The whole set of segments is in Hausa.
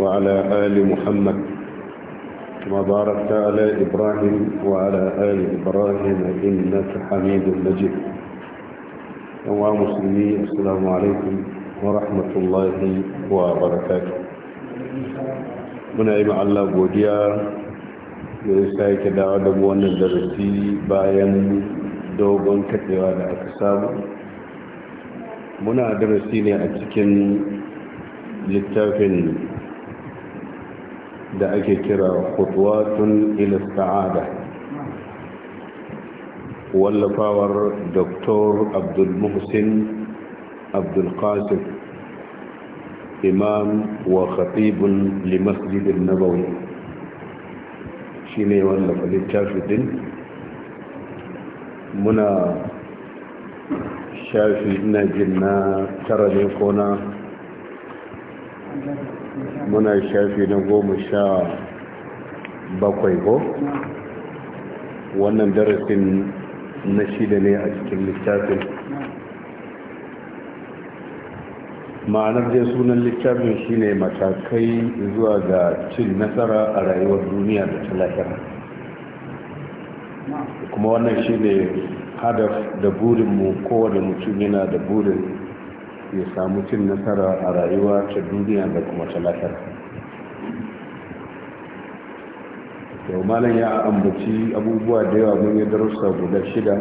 وعلى آل محمد كما باركت على إبراهيم وعلى آل إبراهيم إنك حميد مجيد أيها المسلمين السلام عليكم ورحمة الله وبركاته من أيما الله godiya da دعوة sake dawo da wannan darasi bayan dogon katsewa da aka samu da ake kira kutuwatun ilista'ada wallafawar dr abdulmuhsin abdulkasif imam wa khatibun limasjidin nabawi shi ne wallafa littafi din muna shafi ina jin na tara ne ko na muna shafi na goma sha bakwai ko wannan darasin na shida ne a cikin littafin ma'anar dai sunan littafin shine matakai zuwa ga cin nasara a rayuwar duniya da talakar kuma wannan shine hadaf da burinmu kowane mutum yana da burin ya samu cin nasara a rayuwa ta duniya da kuma talatar yau malam ya ambaci abubuwa da yawa mun yi darussa guda shida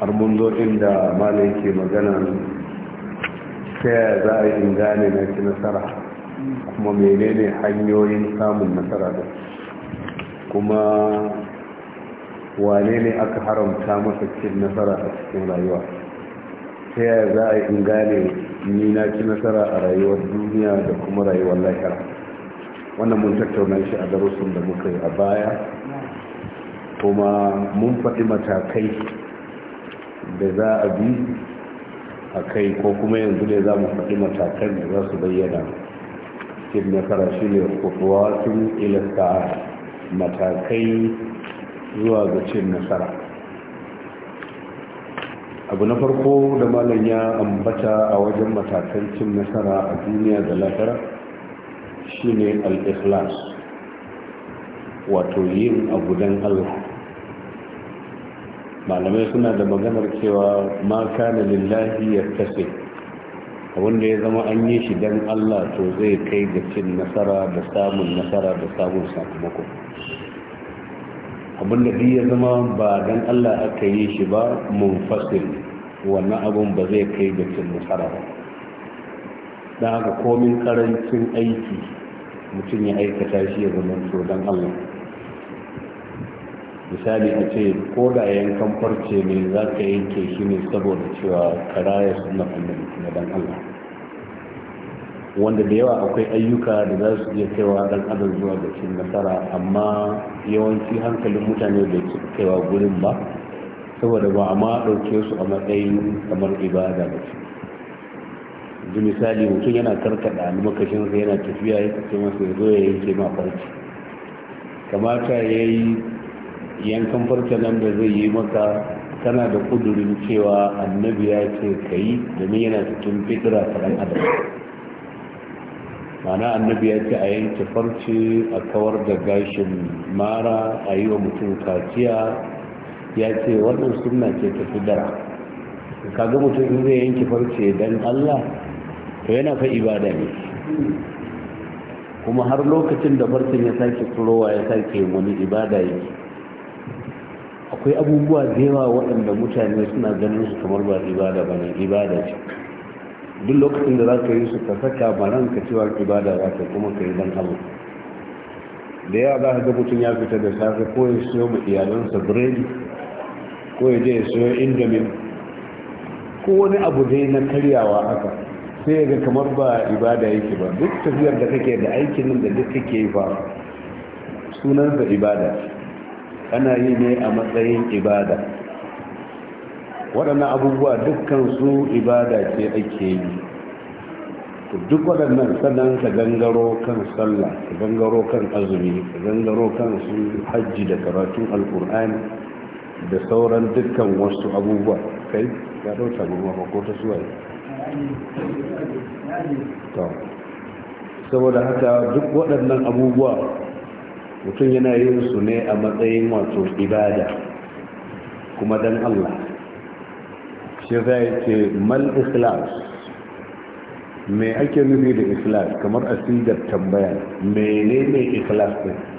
har mun zo inda malam ke magana ta yaya za a yi gane na ci nasara kuma menene hanyoyin samun nasara da kuma wane ne aka haramta masa cin nasara a cikin rayuwa ta yaya za a yi in gane ni na ci nasara a rayuwar duniya da kuma rayuwar lahira wannan mun tattauna shi a darussan da muka yi a baya kuma mun faɗi matakai da za a bi a kai ko kuma yanzu ne za mu faɗi matakan da za su bayyana cin nasara shi ne kutuwa tun ilasta matakai zuwa ga cin nasara abu na farko da malam ya ambata a wajen matakan cin nasara a duniya da lahira shine al-ikhlas wato yin abu don allah malamai suna da maganar cewa ma kana lillahi ya kase wanda ya zama an yi shi don allah to zai kai da cin nasara da samun nasara da samun sakamako abinda biyu ya zama ba don allah aka yi shi ba mun munfasil wannan abin ba zai kai da cin nasara ba don haka komin karancin aiki mutum ya aikata shi ya zama don allah misali a ce ko da yankan farce ne za ka yanke shi ne saboda cewa ya suna annabi na dan allah wanda da yawa akwai ayyuka da za su iya kaiwa dan adam zuwa ga cin nasara amma yawanci hankalin mutane da kaiwa gurin ba saboda ba a ma ɗauke su a matsayin kamar ibada da su ji misali mutum yana karkada almakashinsa yana tafiya ya kace masa ya zo ya yanke ma kamata ya yi yankan farce nan da zai yi maka kana da kudurin cewa annabi ya ce ka yi domin yana cikin fitira ta ɗan adam mana annabi ya ce a yanke farce a kawar da gashin mara a yi wa mutum kaciya ya ce wannan suna ce ta fidara kaga mutum in zai yanke farce dan Allah to yana fa ibada ne kuma har lokacin da farcin ya sake turowa ya sake wani ibada yake akwai abubuwa da yawa waɗanda mutane suna ganin su kamar ba ibada ba ne ibada ce duk lokacin da za ka yi su ka saka ba nan ka cewa ibada za ka kuma ka yi don abu da yawa za ka ga mutum ya fita da safe ko ya siyo ma iyalansa biredi ko ya je ya indomin ko wani abu dai na karyawa haka sai ya ga kamar ba ibada yake ba duk tafiyar da kake da aikin nan da duk kake yi sunan da ibada ana yi ne a matsayin ibada waɗannan abubuwa dukkan su ibada ce ake yi duk waɗannan sannan ka gangaro kan sallah ka gangaro kan azumi ka gangaro kan su hajji da karatun alkur'ani da sauran dukkan wasu abubuwa kai ya dauta abubuwa ko ta saboda haka duk waɗannan abubuwa mutum yana yin su ne a matsayin wato ibada kuma don Allah shi zai ce mal islas me ake nufi da islas kamar asidar tambaya menene islas ɗin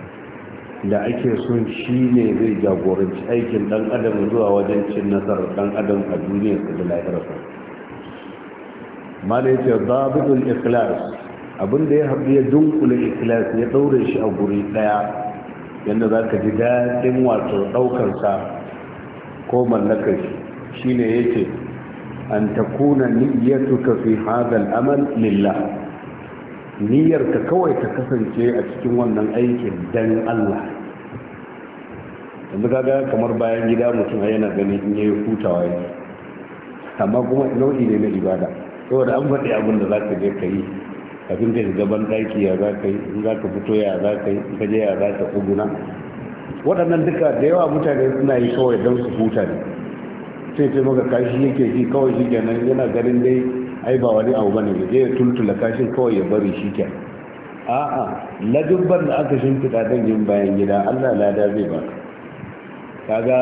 da ake son shi ne zai jagoranci aikin dan adam zuwa wajen cin nasarar dan adam a su da lahirarsa malai ce babul ikhlas da ya haɗu ya dunkule ikhlas ya ɗaure shi a guri ɗaya yadda za ka ji daɗin wato ɗaukarsa ko mallakar shi shi ne ya ce an ta kuna niyyatuka fi hadal amal lillah niyyar ka kawai ta kasance a cikin wannan aikin dan Allah yanzu kaga kamar bayan gida mutum yana gani in yayi hutawa ne amma kuma nau'i ne na ibada saboda an faɗi abin da za ka je ka yi kafin ka shiga ban ɗaki ya za ka yi in za ka fito ya za ka yi ka je ya za ka tsuguna waɗannan duka da yawa mutane suna yi kawai don su huta ne sai ce maka kashi yake shi kawai shi kenan yana ganin dai ai ba wani abu bane ya je ya tuntula kashin kawai ya bari shi ke a'a ladubban da aka shimfiɗa don yin bayan gida allah lada zai ba kaga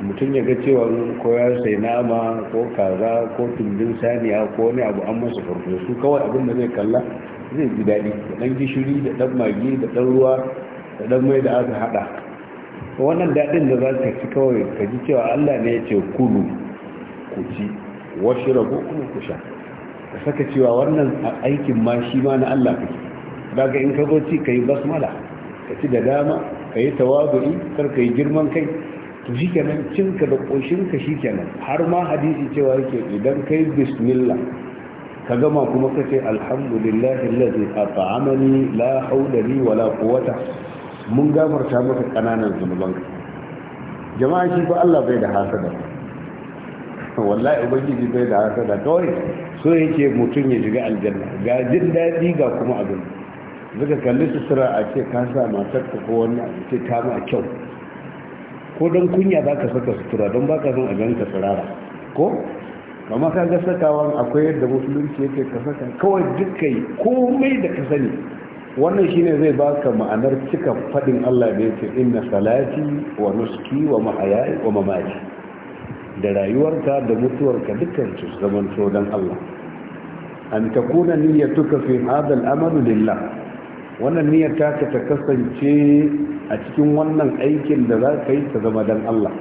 mutum ya ga cewa ko ya sai nama ko kaza ko tumbin saniya ko wani abu an masa farko su kawai abin da zai kalla zai ji daɗi da ɗan gishiri da ɗan magi da ɗan ruwa da ɗan mai da aka haɗa wannan daɗin da za ka ci kawai ka ji cewa allah ne ya ce kulu ku ci washi rabu kuma ku sha ka saka cewa wannan aikin ma shi ma na Allah kake daga in ka zo ci ka yi basmala ka ci da dama ka yi tawadu'i kar ka yi girman kai to shi kenan cinka da ka shi kenan har ma hadisi cewa yake idan kai yi bismillah ka gama kuma ka ce alhamdulillahi lalzi a ta'amani la wala kowata mun gafarta maka kananan zunubanka jama'a shi ko Allah bai da hasada wallahi ubangiji bai da hasada kawai so yake mutum ya shiga aljanna ga jin daɗi ga kuma abin zaka kalli sutura a ce ka sa ka ko wani abu ce ta ma kyau ko don kunya za ka saka sutura don baka ka son a ka tsirara ko kama ka ga sakawan akwai yadda musulunci yake ka saka kawai dukkan komai da ka sani wannan shine zai baka ma'anar cika faɗin Allah da yake inna salati wa nuski wa mahayai wa mamati da rayuwarka da mutuwarka dukkan su zaman dan Allah an takuna niyyatuka fi hadha al lillah wannan niyyar ta ta kasance a cikin wannan aikin da za ka yi ta zama dan Allah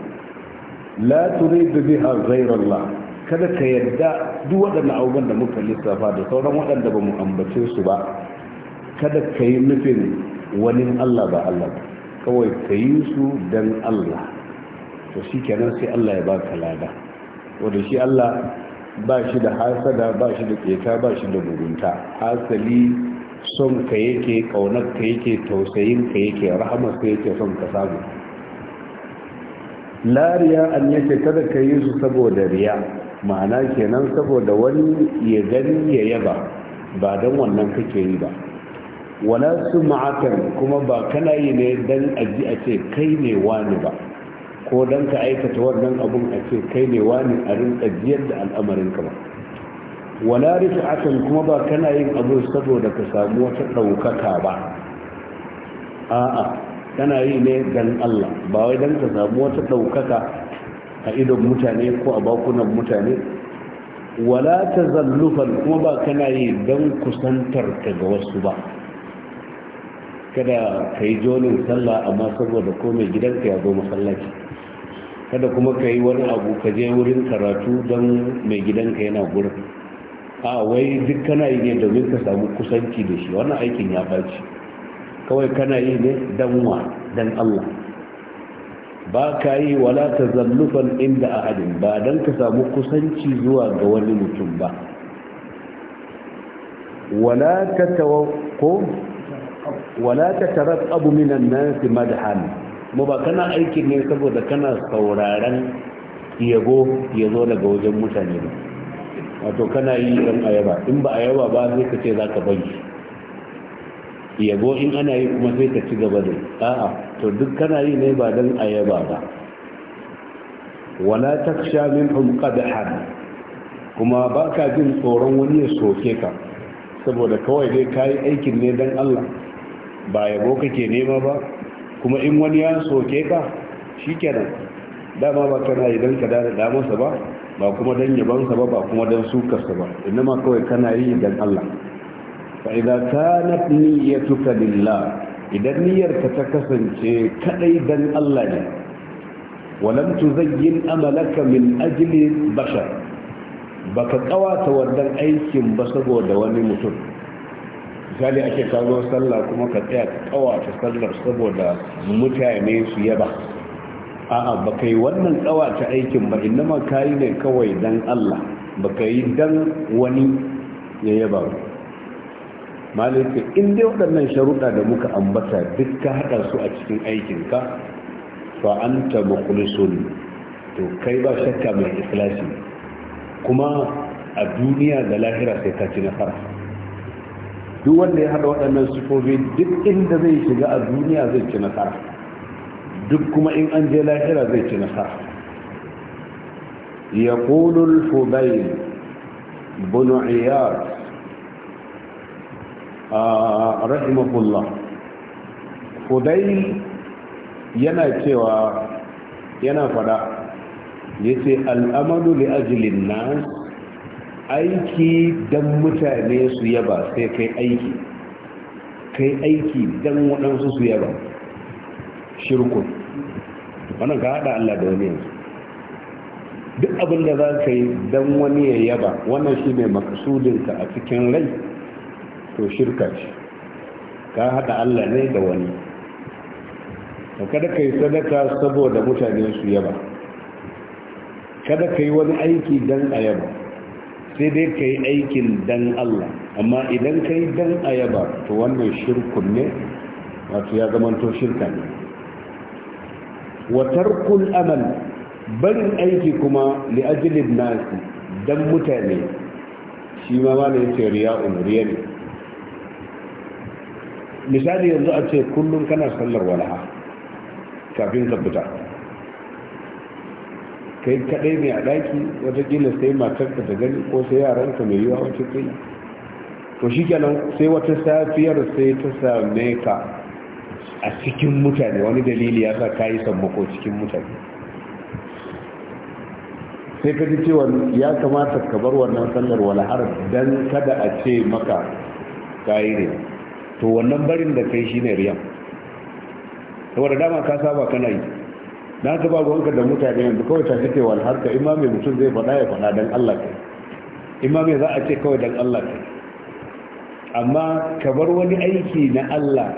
la bi a zairar Allah kada ka yarda duk waɗannan abubuwan da muka lissafa da sauran waɗanda ba mu ambace su ba kada ka yi nufin wani Allah ba Allah kawai ka yi su dan Allah to shi kenan sai Allah ya baka lada wanda shi Allah ba shi da hasada ba shi da keta ba shi da mugunta asali son ka yake kaunar ka yake tausayin ka yake rahamar ka yake son ka samu lariya an yake kada ka yi su saboda riya ma'ana kenan saboda wani ya gani ya yaba ba don wannan kake yi ba wala su ma'akan kuma ba kana yi ne don aji a ce kai ne wani ba ko don ka aikata wannan abun a ce kai ne wani a rinka jiyar da al'amarin ka ba wala rufe akan kuma ba kana yin abu saboda ka samu wata ɗaukaka ba a'a kana yi ne don Allah ba wai don ka samu wata ɗaukaka a idon mutane ko a bakunan mutane wala ta zallufan kuma ba kana yi don kusantar ka ga wasu ba kada ka yi jonin sallah amma saboda ko mai gidanka ya zo masallaci kada kuma ka yi wani abu ka je wurin karatu don mai gidanka yana gurin a wai duk kana yi ne domin ka samu kusanci da shi wannan aikin ya baci kawai kana yi ne don wa don allah ba ka yi wala ta zallufan inda a hadin ba don ka samu kusanci zuwa ga wani mutum ba wala tarar abu minan nan madhan mu ba kana aiki ne saboda kana sauraren yabo ya zo daga wajen mutane ba wato kana yi yan ayaba in ba ayaba ba sai ka ce za ka bari yabo in ana yi kuma sai ka ci gaba da a'a to duk kana yi ne ba don ayaba ba wala taksha minhum qadhan kuma ba ka jin tsoron wani ya soke ka saboda kawai dai ka yi aikin ne don allah ba yabo kake nema ba kuma in wani ya soke ka shi kenan dama ba kana idan ka dada damansa ba ba kuma don yabansa ba ba kuma don sukarsa ba inama kawai kana yi idan allah fa'iza ta na niyyatuka lillah idan niyyarka ta kasance kadai dan allah ne walam tuzayyin amalaka min ajli bashar baka kawata wannan aikin ba saboda wani mutum misali ake kawo sallah kuma ka tsaya ka kawata sallar saboda mutane su yaba a'a ba ka yi wannan kawata aikin ba ma ka yi ne kawai dan Allah ba ka yi dan wani ya yaba ba malaka in dai waɗannan sharuɗa da muka ambata duk ka haɗa su a cikin aikinka fa anta mukhlisun to kai ba shakka mai ikhlasi kuma a duniya da lahira sai ka ci nasara duk wanda ya hada waɗannan sufofi duk inda zai shiga a duniya zai ci nasara duk kuma in an je lahira zai ci nasara ya ƙulul fubai bunu iyar a rahimahullah fubai yana cewa yana fada ya ce al'amalu li ajilin nas aiki don mutane su yaba sai kai aiki kai aiki don waɗansu su yaba shirkun wannan ka haɗa Allah da wani yanzu duk abin da za ka yi don wani ya yaba wannan shi ne makasudinka a cikin rai to shirka ce ka haɗa Allah ne da wani kada ka yi sadaka saboda mutane su yaba kada ka yi wani aiki don a yaba sai dai ka yi aikin dan Allah amma idan ka yi dan ayaba to wannan shirkun ne wato ya zamanto shirka ne watar kul amal barin aiki kuma li'ajilin nasi dan mutane shi ma ma ne ce riya'un riya ne misali yanzu a ce kullum kana sallar walaha kafin ka fita kai kaɗai ne a ɗaki watakila sai matarka ta gani ko sai yaranka mai yiwa kai to shi kenan sai wata safiyar sai ta same ka a cikin mutane wani dalili ya sa ka yi sammako cikin mutane sai ka ji cewa ya kamata ka bar wannan sallar walahar don kada a ce maka kayi ne to wannan barin da kai shi ne riyan saboda dama ka saba kana yi na ka ba ruwanka da mutane yanzu kawai ta fi kewal imamai mutum zai faɗa ya faɗa don allah kai Imamai za a ce kawai don allah kai amma ka bar wani aiki na allah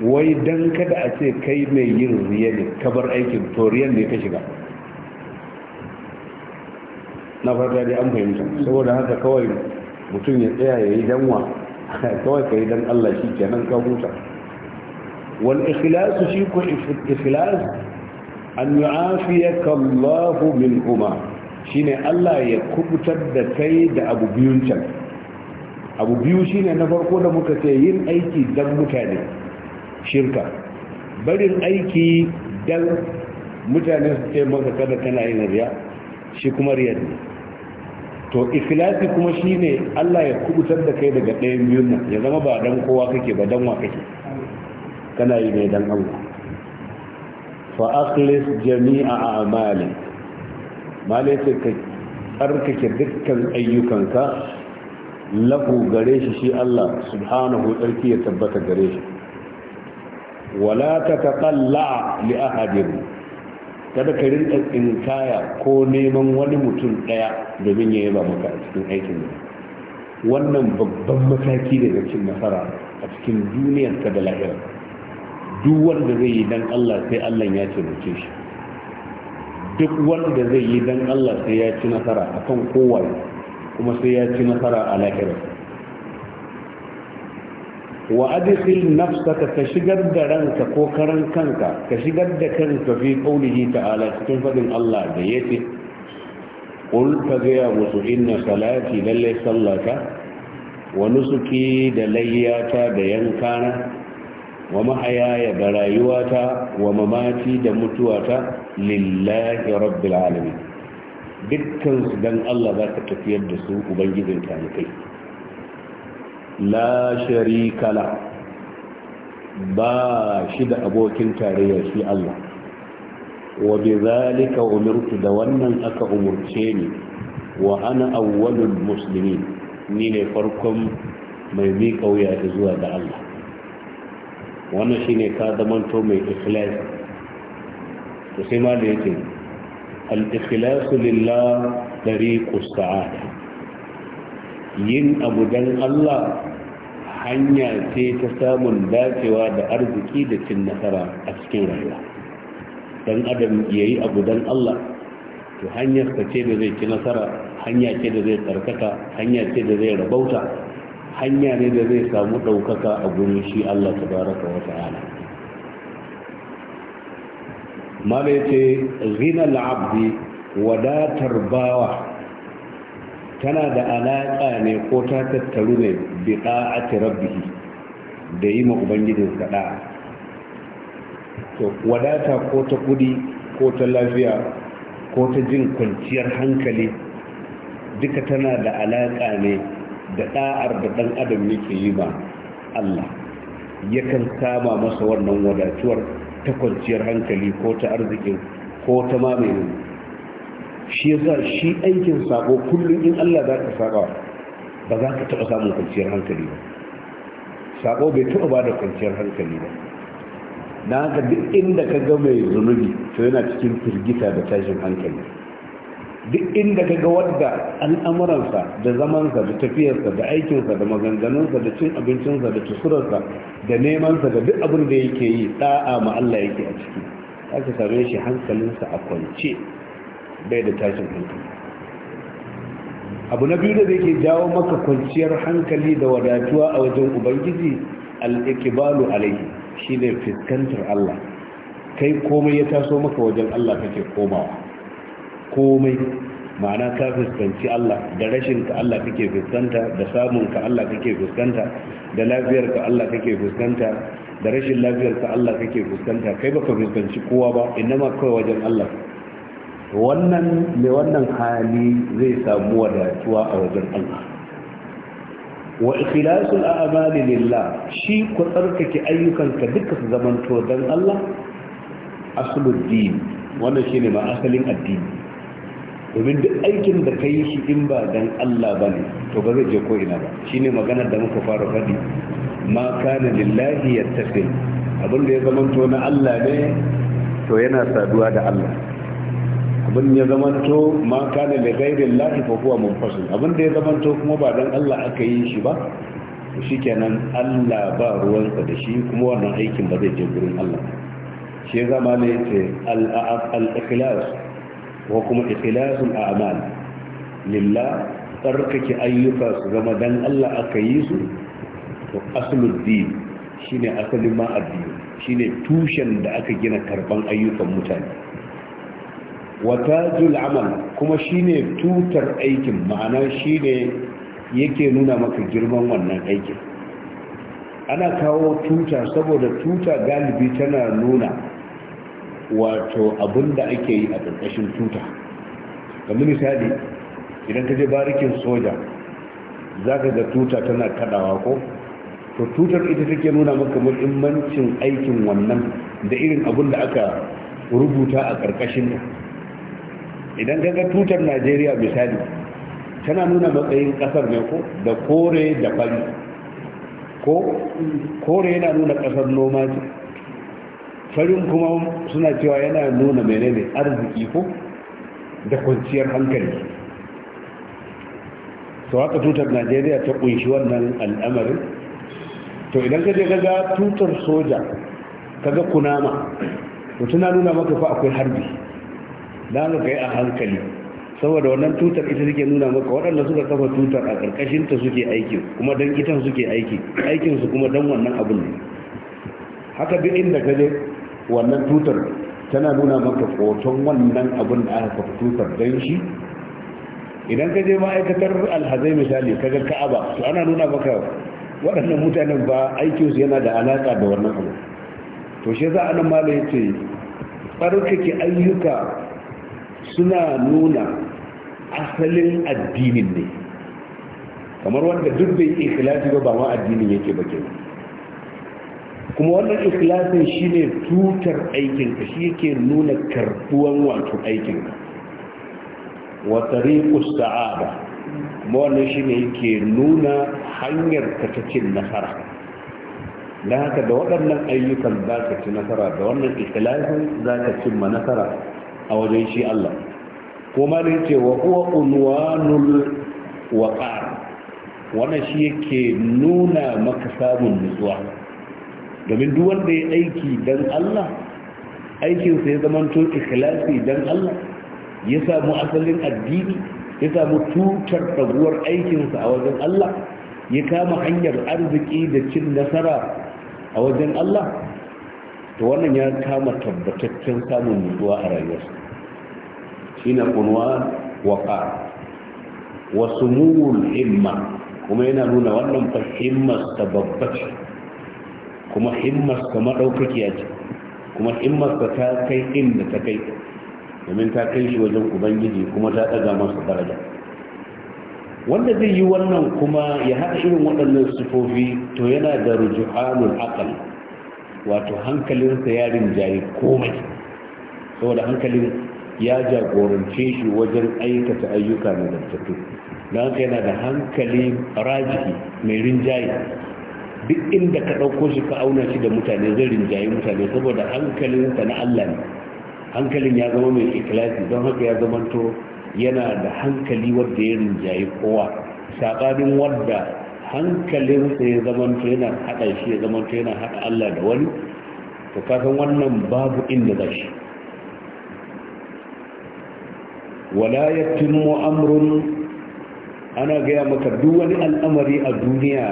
wai don kada a ce kai mai yin riya ne ka bar aikin to riyan ne ka shiga na farka dai an fahimta saboda haka kawai mutum ya tsaya ya yi danwa kawai ka yi don allah shi kenan ka huta wal ikhlasu shi ko ikhlas an yu'afiyaka Allahu min huma shine Allah ya kubutar da kai da abu biyun can abu biyu shine na farko da muka ce yin aiki dan mutane shirka barin aiki dan mutane su ce maka kada kana yin riya shi kuma riyar ne to ikhlasi kuma shine Allah ya kubutar da kai daga ɗayan biyun nan ya zama ba dan kowa kake ba dan wa kake kana yi ne dan Allah fa akhlis jami'a a'mali malai ce ka tsarkake dukkan ayyukanka lahu gare shi shi Allah subhanahu tsarki ya tabbata gare shi wala ta taqalla li ahadin kada ka rinka tsinkaya ko neman wani mutum ɗaya domin ya yaba maka a cikin aikin wannan babban mataki daga cin nasara a cikin duniyar ka da lahira. duk wanda zai yi dan Allah sai Allah ya taimake shi duk wanda zai yi dan Allah sai ya ci nasara akan kowa kuma sai ya ci nasara a lahira wa adkhil nafsaka ka shigar da ranka ko karan kanka ka shigar da kanka fi qawlihi ta'ala cikin fadin Allah da yace qul fa ya musu inna salati lallai sallata wa nusuki da layyata da yankana wa mahayaya da rayuwata wa mamaci da mutuwata lillahi rabbil alamin dukkan su dan Allah za ka tafiyar da su ubangijin talikai la sharika la ba shi da abokin tarayya shi Allah wa bi zalika umirtu da wannan aka umurce ni wa ana awwalul muslimin ni ne farkon mai kauya wuya zuwa da Allah wannan shine ka zamanto mai ikhlas to sai ma da yake al-ikhlas lillah dari sa'ada yin abu dan Allah hanya ce ta samun dacewa da arziki da cin nasara a cikin rayuwa dan adam ya yi abu dan Allah to hanyar ce da zai ci nasara hanya ce da zai tsarkaka hanya ce da zai rabauta hanya ne da zai samu ɗaukaka a gurin shi Allah ta baraka wa ta'ala mala ce zina al-abdi wadatar bawa tana da alaƙa ne ko ta tattaru ne bi da'ati rabbihi da yi ma ubangijin sa to wadata ko ta kudi ko ta lafiya ko ta jin kwanciyar hankali duka tana da alaƙa ne da ɗa'ar da ɗan adam yake yi ba Allah yakan kama masa wannan wadatuwar ta kwanciyar hankali ko ta arzikin ko ta mamaye shi yasa shi aikin sako kullum in Allah za ka ba za ka taɓa samun kwanciyar hankali ba sako bai taɓa ba da kwanciyar hankali ba na haka duk inda ka ga mai zunubi to yana cikin firgita da tashin hankali duk inda ka ga wadda al'amuransa da zamansa da tafiyarsa da aikinsa da maganganunsa da cin abincinsa da tusurarsa da nemansa da duk abin da yake yi da'a ma Allah yake a ciki aka same shi hankalinsa a kwance bai da tashin hankali abu na biyu da zai ke jawo maka kwanciyar hankali da wadatuwa a wajen ubangiji al'ikibalu alaihi shi ne fuskantar Allah kai komai ya taso maka wajen Allah kake komawa komai ma'ana ka fuskanci Allah da rashin ka Allah kake fuskanta da samun ka Allah kake fuskanta da lafiyar ka Allah kake fuskanta da rashin lafiyar ka Allah kake fuskanta kai baka fuskanci kowa ba inama kawai wajen Allah wannan mai wannan hali zai samu wadatuwa a wajen Allah wa ikhlasul a'mali lillah shi ku tsarkake ayyukanka duka su zamanto dan Allah aslud wannan shine ma asalin addini domin duk aikin da ka yi shi in ba dan Allah ba ne to ba zai je ko ina ba shine maganar da muka fara faɗi ma kana lillahi yattasil abin da ya zama to na Allah ne to yana saduwa da Allah abin ya zama to ma kana li ghairillahi fa huwa munfasil abin da ya zama to kuma ba dan Allah aka yi shi ba to shikenan Allah ba ruwansa da shi kuma wannan aikin ba zai je gurin Allah shi zama ne ce al-ikhlas ko kuma ikhlasul a'mal lillah tsarkake ayyuka su zama dan Allah aka yi su to aslul din shine asalin ma addini shine tushen da aka gina karban ayyukan mutane watajul amal kuma shine tutar aikin ma'ana shine yake nuna maka girman wannan aikin ana kawo tuta saboda tuta galibi tana nuna wato abin da ake yi a ƙarƙashin tuta kamar misali idan ka je barikin soja za ka ga tuta tana kadawa ko to tutar ita take nuna maka muhimmancin aikin wannan da irin abin da aka rubuta a ƙarƙashin idan ka ga tutar najeriya misali tana nuna matsayin ƙasar ne ko da kore da fari ko kore yana nuna ƙasar noma ce farin kuma suna cewa yana nuna menene arziki ko da kwanciyar hankali to haka tutar najeriya ta kunshi wannan al'amarin to idan ka je ga tutar soja kaga kunama to tana nuna maka fa akwai harbi dan ka yi a hankali saboda wannan tutar ita take nuna maka waɗanda suka kafa tutar a ƙarƙashin ta suke aiki kuma dan itan suke aiki aikin su kuma dan wannan abun ne haka duk inda ka je wannan tutar tana nuna maka hoton wannan abin da aka kafa tutar don shi idan ka je ma'aikatar alhazai misali ka ga ka'aba to ana nuna maka waɗannan mutanen ba su yana da alaƙa da wannan abu to shi za a nan mala ya ce ayyuka suna nuna asalin addinin ne kamar wanda duk bai ikhlasi ba ba ma addinin yake ba kenan kuma wannan shi ne tutar aikinka shi yake nuna karbuwan wato aikinka wa tariqus sa'ada kuma wannan yake nuna hanyar ka ta cin nasara da haka da waɗannan ayyukan za ka ci nasara da wannan ikhlasin za ka ma nasara a wajen shi Allah kuma ne ce wa huwa unwanul waqar wannan shi yake nuna maka samun nutsuwa domin duk wanda ya aiki don Allah aikinsa ya zamanto ikhlasi dan Allah ya samu asalin addini ya samu tutar taguwar aikinsa a wajen Allah ya kama hanyar arziki da cin nasara a wajen Allah to wannan ya kama tabbataccen samun nutsuwa a rayuwarsa shi na kunwa waka wasu mugun himma kuma yana nuna wannan fahimmarsa babbace kuma himmarsa maɗaukakiya ce kuma himmarsa ta kai inda ta kai domin ta kai shi wajen ubangiji kuma ta ɗaga masa daraja wanda zai yi wannan kuma ya haɗa irin waɗannan sifofi to yana da rujuhanul akal wato hankalinsa yarin rinjaye komai saboda hankalin ya jagorance shi wajen aikata ayyuka na zartattu don haka yana da hankali rajiki mai rinjaye duk inda ka ɗauko shi ka auna shi da mutane zai rinjaye mutane saboda hankalinsa na Allah ne hankalin ya zama mai ikilasi don haka ya zamanto yana da hankali wadda ya rinjaye kowa saɓanin wadda hankalinsa ya zamanto yana haɗa shi ya zamanto yana haɗa Allah da wani to kasan wannan babu inda za shi wala yattimu amrun ana gaya maka duk wani al'amari a duniya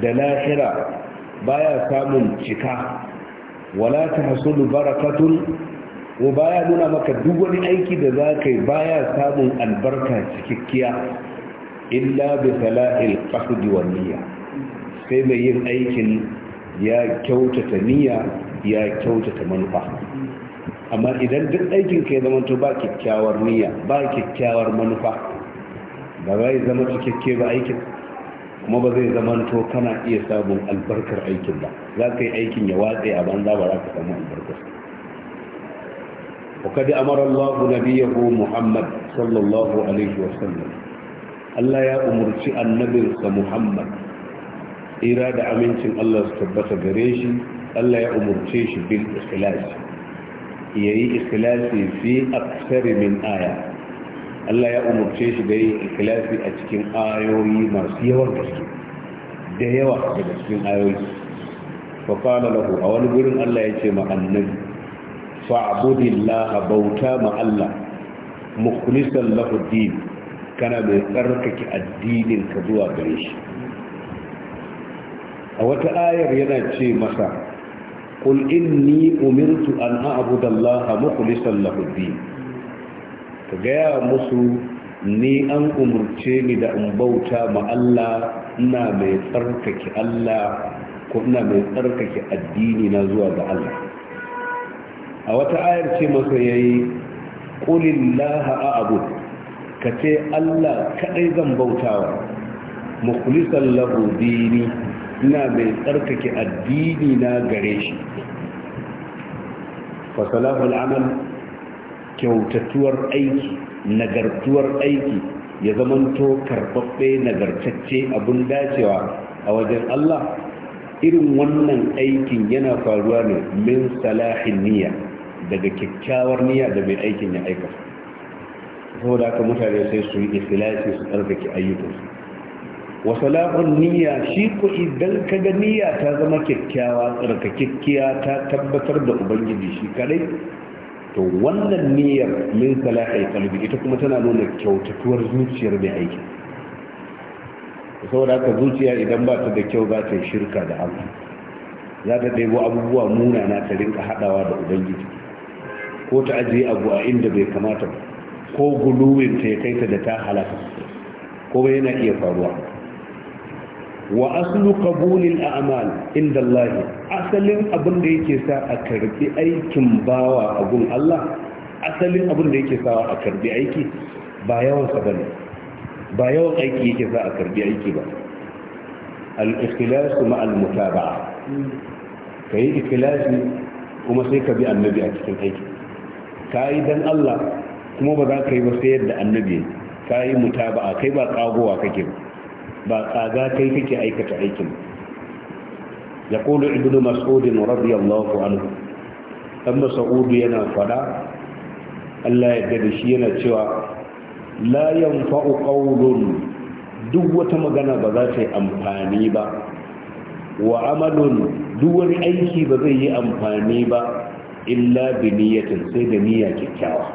da lahira baya samun cika wala ta hasulu barakatun ko baya nuna maka duk wani aiki da za ka yi baya samun albarka cikakkiya illa bi sala'il qasd wa niyya sai mai yin aikin ya kyautata niyya ya kyautata manufa amma idan duk aikin ka ya zama to ba kyakkyawar niyya ba kyakkyawar manufa ba zai zama cikakke ba aikin kuma ba zai zamanto kana iya sabon albarkar aikin ba za ka yi aikin ya watse a banza ba za ka samu albarkar ku kadi amara Allah nabiyahu Muhammad sallallahu alaihi wa sallam Allah ya umurci annabinsa Muhammad ira da amincin Allah su tabbata gare shi Allah ya umurce shi bil ikhlas yayi ikhlasi fi aksari min aya Allah ya umarce shi da yin ikilasi a cikin ayoyi masu yawan gaske da yawa daga cikin ayoyi fa qala lahu a wani gurin Allah ya ce ma annabi fa'budillaha bauta ma Allah mukhlishan lahu din kana mai tsarkake addinin ka zuwa gare shi a wata ayar yana ce masa qul inni umirtu an a'budallaha mukhlishan lahu din ka gaya musu ni an umarce ni da in bauta ma Allah ina mai tsarkake Allah ko ina mai tsarkake addini na zuwa ga Allah a wata ayar ce masa yayi qulillaha a'bud ka ce Allah kadai zan bautawa mukhlisan lahu dini ina mai tsarkake addini na gare shi fa salahul amal kyautatuwar aiki nagartuwar aiki ya zamanto karɓaɓɓe nagartacce abun dacewa a wajen Allah irin wannan aikin yana faruwa ne min salahin niyya daga kyakkyawar niyya da mai aikin ya aikata saboda haka mutane sai su yi ikhlasi su tsarkake ayyukansu wa salahun niyya shi ko idan ka ga niyya ta zama kyakkyawa tsarkakekkiya ta tabbatar da ubangiji shi kadai to wannan niyyar min salahai kalbi ita kuma tana nuna kyautatuwar zuciyar mai aiki saboda haka zuciya idan ba ta da kyau za ta shirka da abu za ta ɗaibo abubuwa munana ta rinka haɗawa da ubangiji ko ta ajiye abu a inda bai kamata ko guluwin ta ya kai ta da ta halaka ko yana iya faruwa wa aslu qabulil a'mal inda Allah asalin abin da yake sa a karbi aikin bawa a gun Allah asalin abin da yake sa a karbi aiki ba yawan sa bane ba yawan aiki yake sa a karbi aiki ba al-ikhlas ma al-mutaba'a kai ikhlasi kuma sai ka bi annabi a cikin aiki kai dan Allah kuma ba za ka yi ba sai yadda annabi kai mutaba'a kai ba kagowa kake ba ba tsaga kai take aikata aikin ya kulu ibnu mas'udin radiyallahu anhu dan mas'ud yana faɗa. Allah ya gade shi yana cewa layan yanfa'u qawlun duk wata magana ba za ta yi amfani ba wa amalun duk wani aiki ba zai yi amfani ba illa bi niyyatin sai da niyya kyakkyawa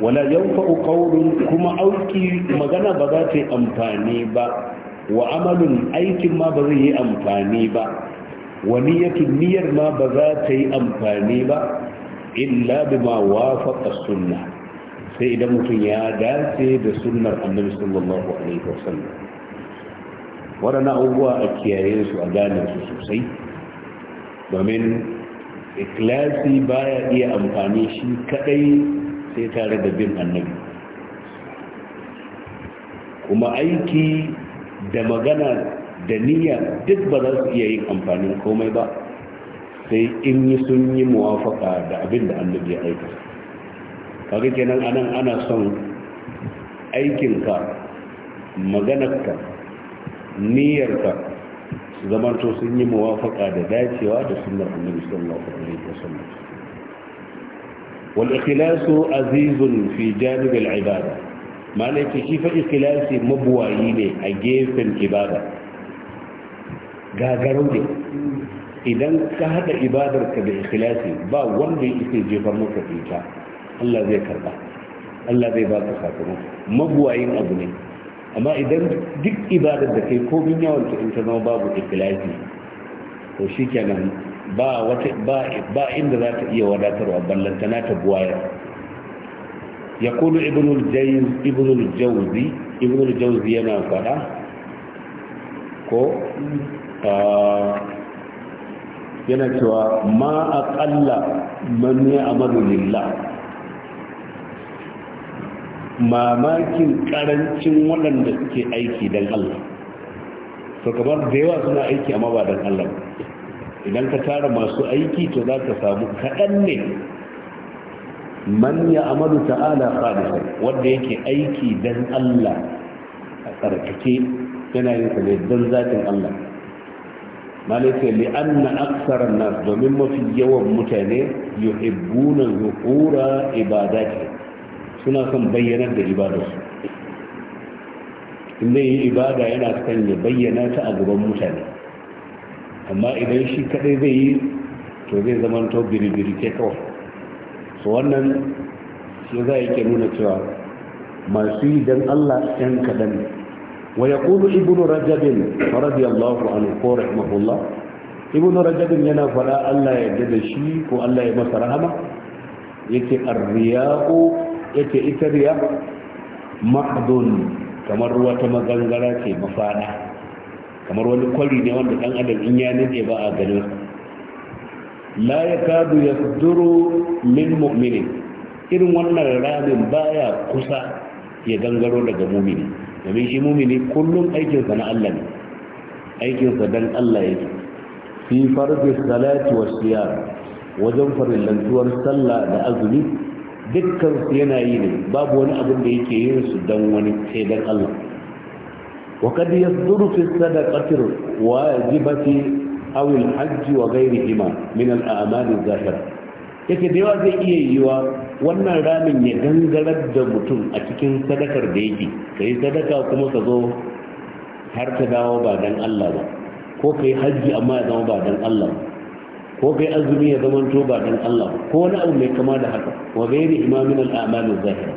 wala yanfa'u qawlun kuma auki magana ba za ta yi amfani ba wa amalin aikin ma ba zai yi amfani ba wa niyyatun niyyar ma ba za ta yi amfani ba illa bima wafaqa sunnah sai idan mutum ya dace da sunnar annabi sallallahu alaihi wasallam waɗannan abubuwa a kiyaye su a gane su sosai domin ikilasi baya iya amfani shi kadai sai tare da bin annabi kuma aiki da magana da niyya duk ba za su iya yin amfanin komai ba sai in yi sun yi muwafaka da abin da annabi ya aika kaga kenan anan ana son aikinka maganarka niyyarka su zamanto sun yi muwafaka da dacewa da sunnar annabi sallallahu alaihi wasallam wal ikhlasu azizun fi janib al ibada malai ce shi fa ikhlasi mabuwayi ne a gefen ibada gagarau ne idan ka hada ibadar ka da ikhlasi ba wanda yake jefar maka ita Allah zai karba Allah zai baka sakamako mabuwayin abu ne amma idan duk ibadar da kai ko bin ta zama babu ikhlasi to shikenan ba wata ba inda za ta iya wadatarwa ballantana ta buwaya ya kulu ibnul jauzi ibnul jauzi yana fada ko yana cewa ma a ƙalla man ya amaru lillah mamakin ƙarancin waɗanda suke aiki don Allah so kamar da yawa suna aiki amma ba don Allah ba idan ka tara masu aiki to za ka samu kaɗan ne man ya amadu ta'ala khalisan wanda yake aiki dan Allah a tsarkake yana yin sa ne dan zatin Allah malaka li anna aksara nas domin mafi yawan mutane yuhibbuna zuhura ibadati suna son bayyanar da ibadarsu in zai yi ibada yana son ya bayyana ta a gaban mutane amma idan shi kadai zai yi to zai zama to biribiri ke kawai so wannan shi za yake nuna cewa masu yi don allah yan kadan wa ya kudu ibnu rajabin radiyallahu anhu ko rahimahullah ibnu rajabin yana faɗa allah ya yarda da shi ko allah ya masa rahama yake arriya'u yake ita riya mahdun kamar wata mazangara ce mafada kamar wani kwari ne wanda dan adam in ya nade ba a ganin la yakadu yasduru min mu'minin irin wannan ramin baya kusa ya gangaro daga mumini domin shi mumini kullum aikinsa na Allah ne aikinsa dan Allah yake fi farzi salati wa siyar wajen lantuwar sallah da azumi dukkan yana yi ne babu wani abin da yake yin su dan wani sai dan Allah وقد يصدر في الصدقة الواجبة أو الحج وغيرهما من الأعمال الظاهرة yake da yawa zai iya yi wa wannan ramin ya gangarar da mutum a cikin sadakar da yake ka yi sadaka kuma ka zo har ka dawo ba dan Allah ba ko ka yi hajji amma ya zama ba dan Allah ba ko ka yi azumi ya zama to ba dan Allah ba ko wani abu mai kama da haka wa gairi imamin al'amalin zahira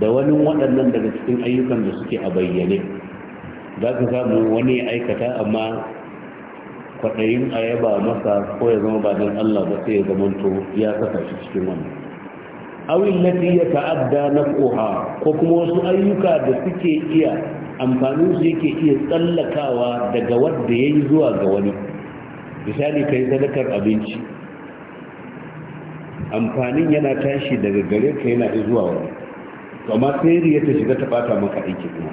da wani waɗannan daga cikin ayyukan da suke a bayyane za ka samu wani aikata amma kwaɗayin a yaba masa ko ya zama ba don Allah ba sai ya to ya saka shi cikin wannan awin lati ya ta'adda na ko kuma wasu ayyuka da suke iya amfanin su yake iya tsallakawa daga wanda ya yi zuwa ga wani misali ka yi sadakar abinci amfanin yana tashi daga gare ka yana zuwa wani amma sai ya ta shiga ta bata maka aiki kuma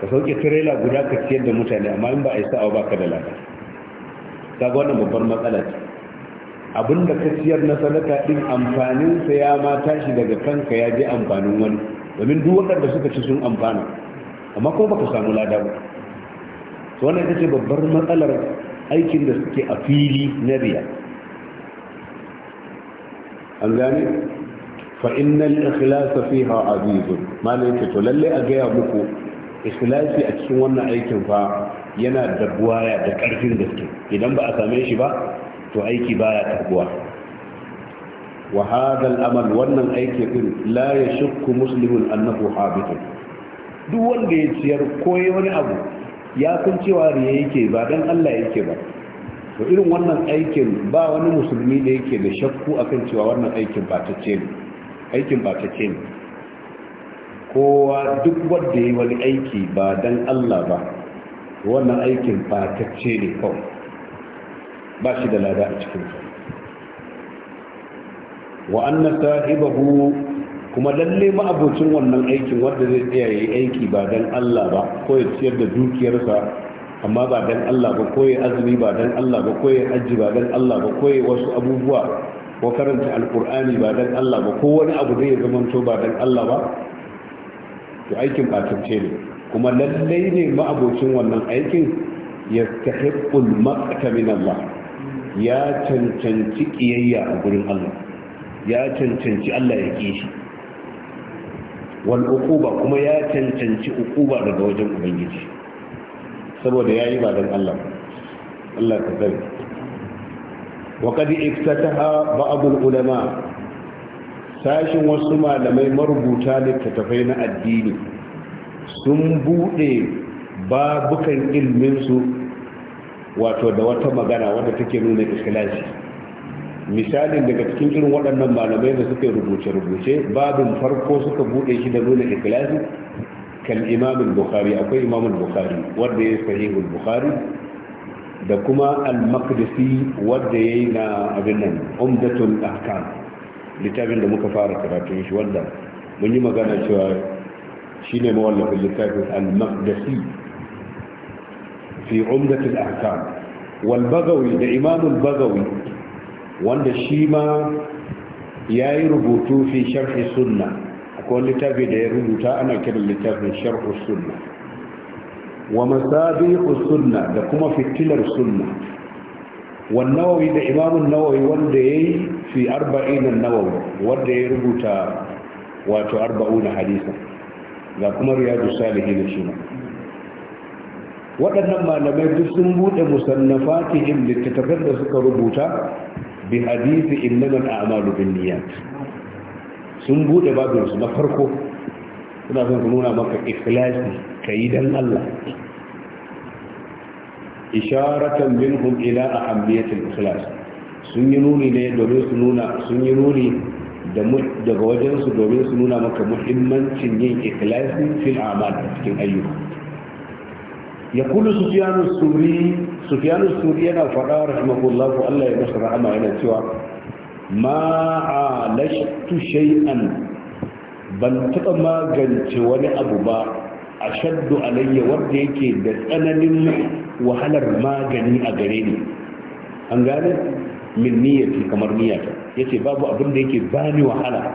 ka sauke tirela guda ka ciyar da mutane amma in ba a yi sa'awa ba ka da lada ga wannan babbar matsala ce abin da ka ciyar na sadaka din amfanin sa ya ma tashi daga kanka ya je amfanin wani domin duk waɗanda suka ci sun amfana amma ko baka samu lada ba to wannan ita ce babbar matsalar aikin da suke a fili na riya an gane fa innal ikhlasa fiha azizun malai ce to lalle a ga muku ikhlasi a cikin wannan aikin fa yana da buwaya da ƙarfin gaske idan ba a same shi ba to aiki baya karbuwa wa hadha al-amal wannan aiki din la yashukku muslimun annahu duk wanda ya ciyar ko ya wani abu ya san cewa riya yake ba dan Allah yake ba to irin wannan aikin ba wani musulmi da yake da shakku akan cewa wannan aikin ba ta ce ne aikin ba ta ce ne kowa duk wanda ya yi wani aiki ba dan Allah ba wannan aikin fatacce ne kawai ba shi da lada a cikin sa wa anna sahibahu kuma lalle ma'abocin wannan aikin wanda zai tsaya yayi aiki ba dan Allah ba ko ya ciyar da dukiyarsa amma ba dan Allah ba ko ya azumi ba dan Allah ba ko ya aji ba dan Allah ba ko ya wasu abubuwa ko karanta alkur'ani ba dan Allah ba ko wani abu zai ya zamanto ba dan Allah ba to aikin batacce ne kuma lallai ne ma'abocin wannan aikin ya tahiqqul maqta min Allah ya cancanci kiyayya a gurin Allah ya cancanci Allah ya ki shi wal uquba kuma ya cancanci uquba daga wajen ubangiji saboda yayi ba dan Allah Allah ka sani وقد افتتح بعض العلماء sashin wasu malamai marubuta littattafai na addini sun buɗe babukan ilminsu wato da wata magana wadda take nuna ikhlasi misalin daga cikin irin waɗannan malamai da suka rubuce-rubuce babin farko suka buɗe shi da nuna ikhlasi kan imamin bukhari akwai imamin bukhari wanda ya sahihul bukhari da kuma al-maqdisi wanda ya yi na abin nan umdatul ahkam littafin da muka fara karatun shi wanda mun yi magana cewa shi ne mawallafin littafin al-maqdisi fi umdatul ahkam wal bagawi da imamul bagawi wanda shi ma ya yi rubutu fi sharhi sunna akwai littafi da ya rubuta ana kiran littafin sharhi sunna wa masabiqus sunna da kuma fitilar sunna والنووي ده إمام النووي والدي في wato النووي والدي ربوتا واتو أربعون حديثا لكم رياض الصالحين شيما waɗannan malamai duk sun buɗe musannafatihim littattafan da suka rubuta bi hadisi innamal a'malu binniyat sun buɗe babinsu na farko suna son su nuna maka ikhlasi kayi dan Allah isharatan minhum ila ahammiyatil ikhlas sun yi nuni ne domin su nuna sun yi nuni daga wajensu domin su nuna maka muhimmancin yin ikhlasi fil amal a cikin ayyuka ya kulu sufiyanu suri sufiyanu suri yana faɗa rahimahullahu Allah ya masa rahama yana cewa ma alashtu shay'an ban taɓa magance wani abu ba shaddu alayya wanda yake da tsananin wahalar magani a gare ni an gane min niyyati kamar niyyata yace babu abin da yake bani wahala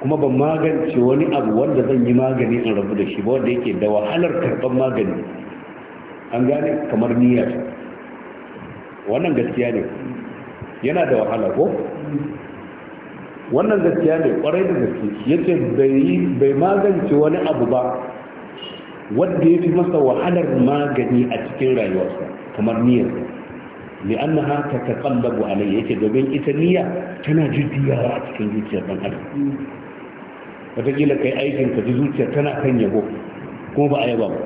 kuma ban magance wani abu wanda zan yi magani in rabu da shi ba wanda yake da wahalar karban magani an gane kamar niyyata wannan gaskiya ne yana da wahala ko wannan gaskiya ne kwarai da gaske yace bai bai magance wani abu ba wanda ya fi masa wahalar magani a cikin rayuwarsa kamar niyyar ta tataqallabu alayhi yake domin ita niyya tana jujjuyawa a cikin zuciyar dan adam wataƙila kai aikin ka ji zuciyar tana kan yabo kuma ba a yaba ba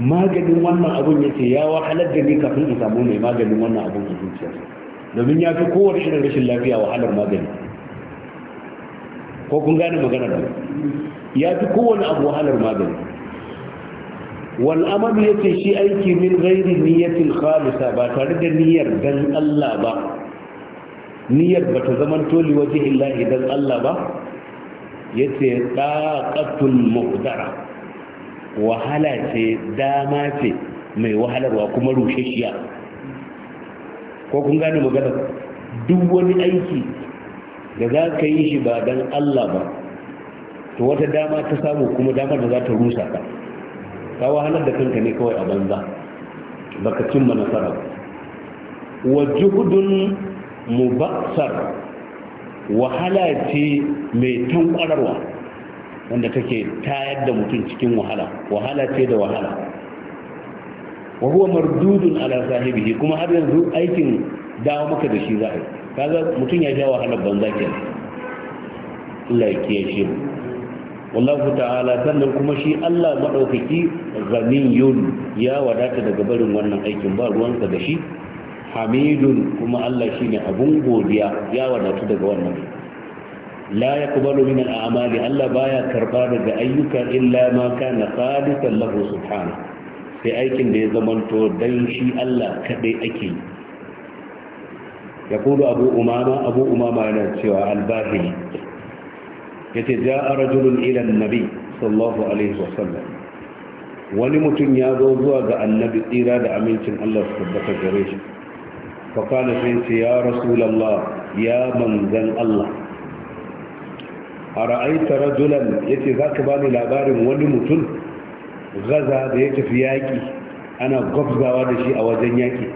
maganin wannan abun ya ce ya wahalar da ni kafin in samu mai maganin wannan abun a zuciya domin ya fi kowane irin rashin lafiya wahalar magani ko kun gane maganar da ya fi kowane abu wahalar magani wal ya ce shi aiki min gairi niyyatin khalisa ba tare da niyyar dan Allah ba niyyar ba ta zaman toli waje illa idan Allah ba Ya ce ɗaƙatun muhdara wahala ce dama ce mai wahalarwa kuma rushe shiya. ko kun gane magana duk wani aiki da za ka yi shi ba dan Allah ba to wata dama ta samu kuma damar da za ta rusa ka ka wahalar da kanka ne kawai a banza baka cimma nasara wa juhudun mubassar wahala ce mai tankwararwa wanda take tayar da mutum cikin wahala wahala ce da wahala wa huwa mardudun ala sahibihi kuma har yanzu aikin dawo maka da shi za a yi kaga mutum ya ja wahalar banza kenan Allah ya wallahu ta'ala sannan kuma shi Allah madaukaki ghaniyun ya wadata daga barin wannan aikin ba ruwansa da shi hamidun kuma Allah shine abun godiya ya wadatu daga wannan la yaqbalu min al-a'mali Allah baya karba daga ayyuka illa ma kana khalisan lahu subhanahu sai aikin da ya zamanto dan shi Allah kadai ake yaqulu abu umama abu umama yana cewa al-bahili yace ja'a rajulun ila annabi sallallahu alaihi sallam. wani mutum ya zo zuwa ga annabi tsira da amincin Allah su tabbata gare shi fa kana sai ce ya rasulullah ya manzan Allah a ra'aita rajulan yace zaka bani labarin wani mutum gaza da ya tafi yaki ana gwabzawa da shi a wajen yaki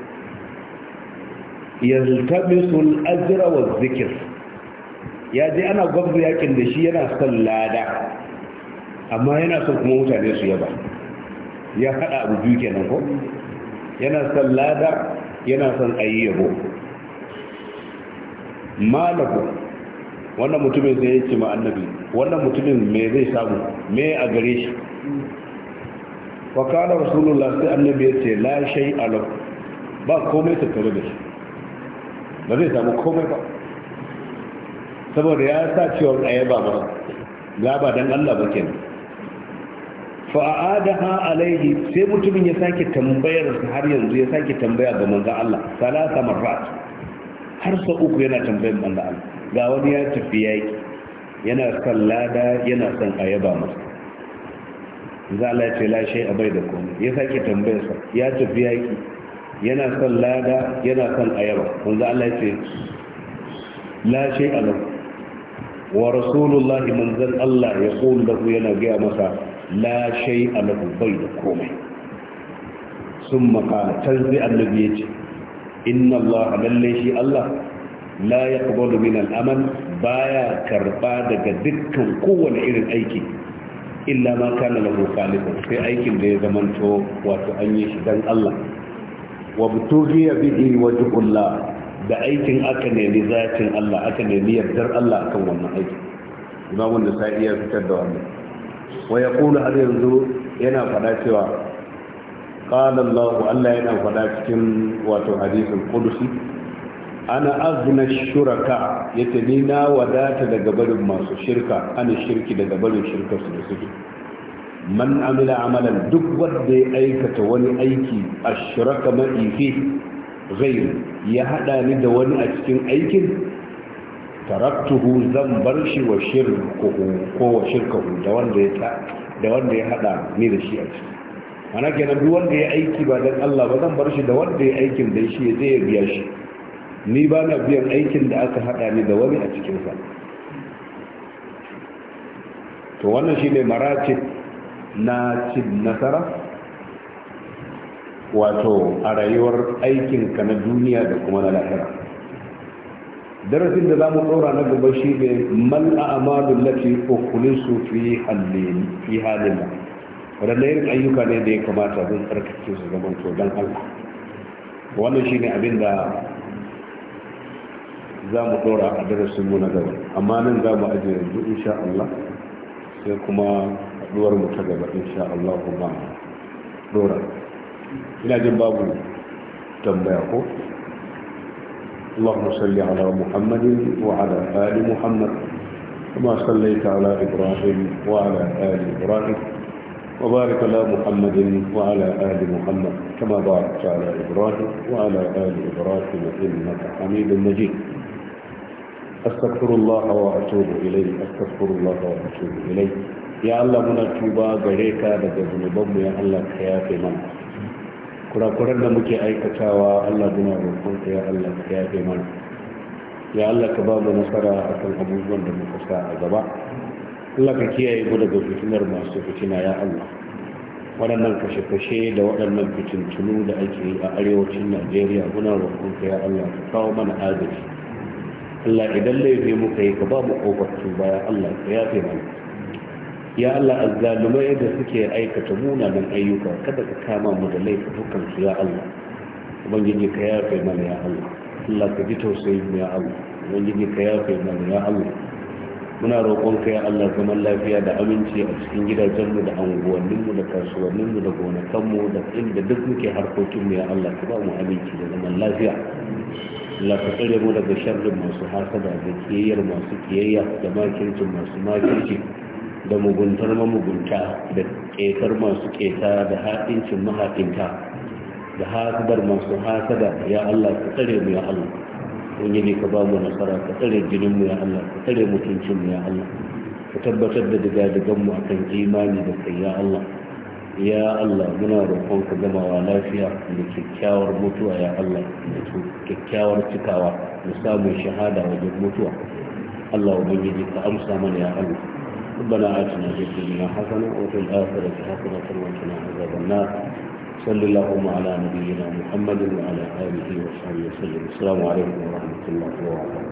yaltabisul ajra wa zikr ya je ana gwabza yakin da shi yana son lada amma yana son kuma mutane su yaba ya haɗa abu biyu kenan ko yana son lada yana son ayi yabo malaku wannan mutumin sai ya ce ma annabi wannan mutumin me zai samu me a gare shi wakala rasulullah sai annabi ya ce la shay alam ba komai tattare da shi ba zai samu komai ba saboda ya sa cewar ayaba ba gaba dan Allah ba kenan fa'adaha alaihi sai mutumin ya sake tambayar har yanzu ya sake tambaya ga manzon Allah salasa marrat har sa uku yana tambayar manzon Allah ga wani ya tafi yaki yana son lada yana son ayaba masa za Allah ya ce lashe a bai da komai ya sake tambayarsa ya tafi yaki yana son lada yana son ayaba manzon Allah ya ce lashe a lau wa rasulullahi manzan Allah ya ƙulu da yana gaya masa la shai alahu da komai sun makana can sai annabi ya ce inna Allah lalle shi Allah la ya kubalu min al'amal baya karba daga dukkan kowane irin aiki illa ma kana lahu khalisan sai aikin da ya zamanto wato an yi shi dan Allah wa butughiya bihi wajhullah da aikin aka nemi zatin Allah aka nemi yardar Allah akan wannan aiki imamun nasa'i ya fitar da wannan wa yaqulu har yanzu yana fada cewa qala Allah Allah yana fada cikin wato hadisin qudusi ana azna shuraka yace ni na wadata daga barin masu shirka ana shirki daga barin shirka su da suke man amila amalan duk wanda ya aikata wani aiki ashraka ma'ifi ghayr ya hada ni da wani a cikin aikin taraktuhu zan bar shi wa shirkuhu ko wa shirkuhu da wanda ya ta da wanda ya hada ni da shi a ciki ana kenan duk wanda ya aiki ba dan Allah ba zan bar shi da wanda ya aikin da shi ya je ya biya shi ni ba na biyan aikin da aka hada ni da wani a cikin sa to wannan shine maratib na cin nasara wato a rayuwar aikinka na duniya da kuma na lahira darasin da za mu ɗora na gaba shi ne mal a'amalun lati ukulisu fi halin fi halin wadannan ayyuka ne da ya kamata don tsarkake su gaban to don Allah wannan shine abin da za mu ɗora a darasin mu na gaba amma nan za mu ajiye yanzu insha Allah sai kuma haɗuwar mu ta gaba insha Allah kuma ɗora ina jin babu tambaya ko اللهم صل على محمد وعلى آل محمد كما صليت على إبراهيم وعلى آل إبراهيم وبارك على محمد وعلى آل محمد كما باركت على إبراهيم وعلى آل إبراهيم إنك حميد مجيد أستغفر الله وأتوب إليه أستغفر الله وأتوب إليه يا الله من توبا غريكا دجزنبم يا الله حياتي من kurakuran da muke aikatawa Allah muna roƙon ya Allah ka yafe mana ya Allah ka ba mu nasara akan abubuwan da muka sa a gaba Allah ka kiyaye mu daga fitinar masu fitina ya Allah waɗannan kashe-kashe da waɗannan fitintunu da ake yi a arewacin Najeriya muna roƙon ya Allah ka kawo mana agaji Allah idan laifi muka yi ka ba mu ƙofar tuba Allah ka yafe mana ya Allah azzalumai da suke aikata munanan ayyuka kada ka kama mu da laifukan su ya Allah ubangiji ka yafe mana ya Allah Allah ka ji tausayin mu ya Allah ubangiji ka yafe mana ya Allah muna roƙonka ya Allah zaman lafiya da aminci a cikin mu da mu da kasuwanninmu da gonakanmu da inda duk muke harkokinmu ya Allah ka ba mu aminci da zaman lafiya Allah ka tsare mu daga sharrin masu hasada da kiyayyar masu kiyayya da makircin masu makirci da muguntar mamugunta da ƙetar masu ƙeta da haɗincin mahaɗinta da hasadar masu hasada ya Allah ka tsare mu ya Allah ubangiji ka ba mu nasara ka tsare jinin mu ya Allah ka tsare mutuncin mu ya Allah ka tabbatar da digadigan mu akan imani da kai ya Allah ya Allah muna roƙon ka gamawa lafiya da kyakkyawar mutuwa ya Allah da kyakkyawar cikawa da samun shahada wajen mutuwa Allah ubangiji ka amsa mana ya Allah ربنا آتنا في الدنيا حسنة وفي الآخرة حسنة وقنا عذاب النار صلى اللهم على نبينا محمد وعلى آله وصحبه وسلم السلام عليكم ورحمة الله وبركاته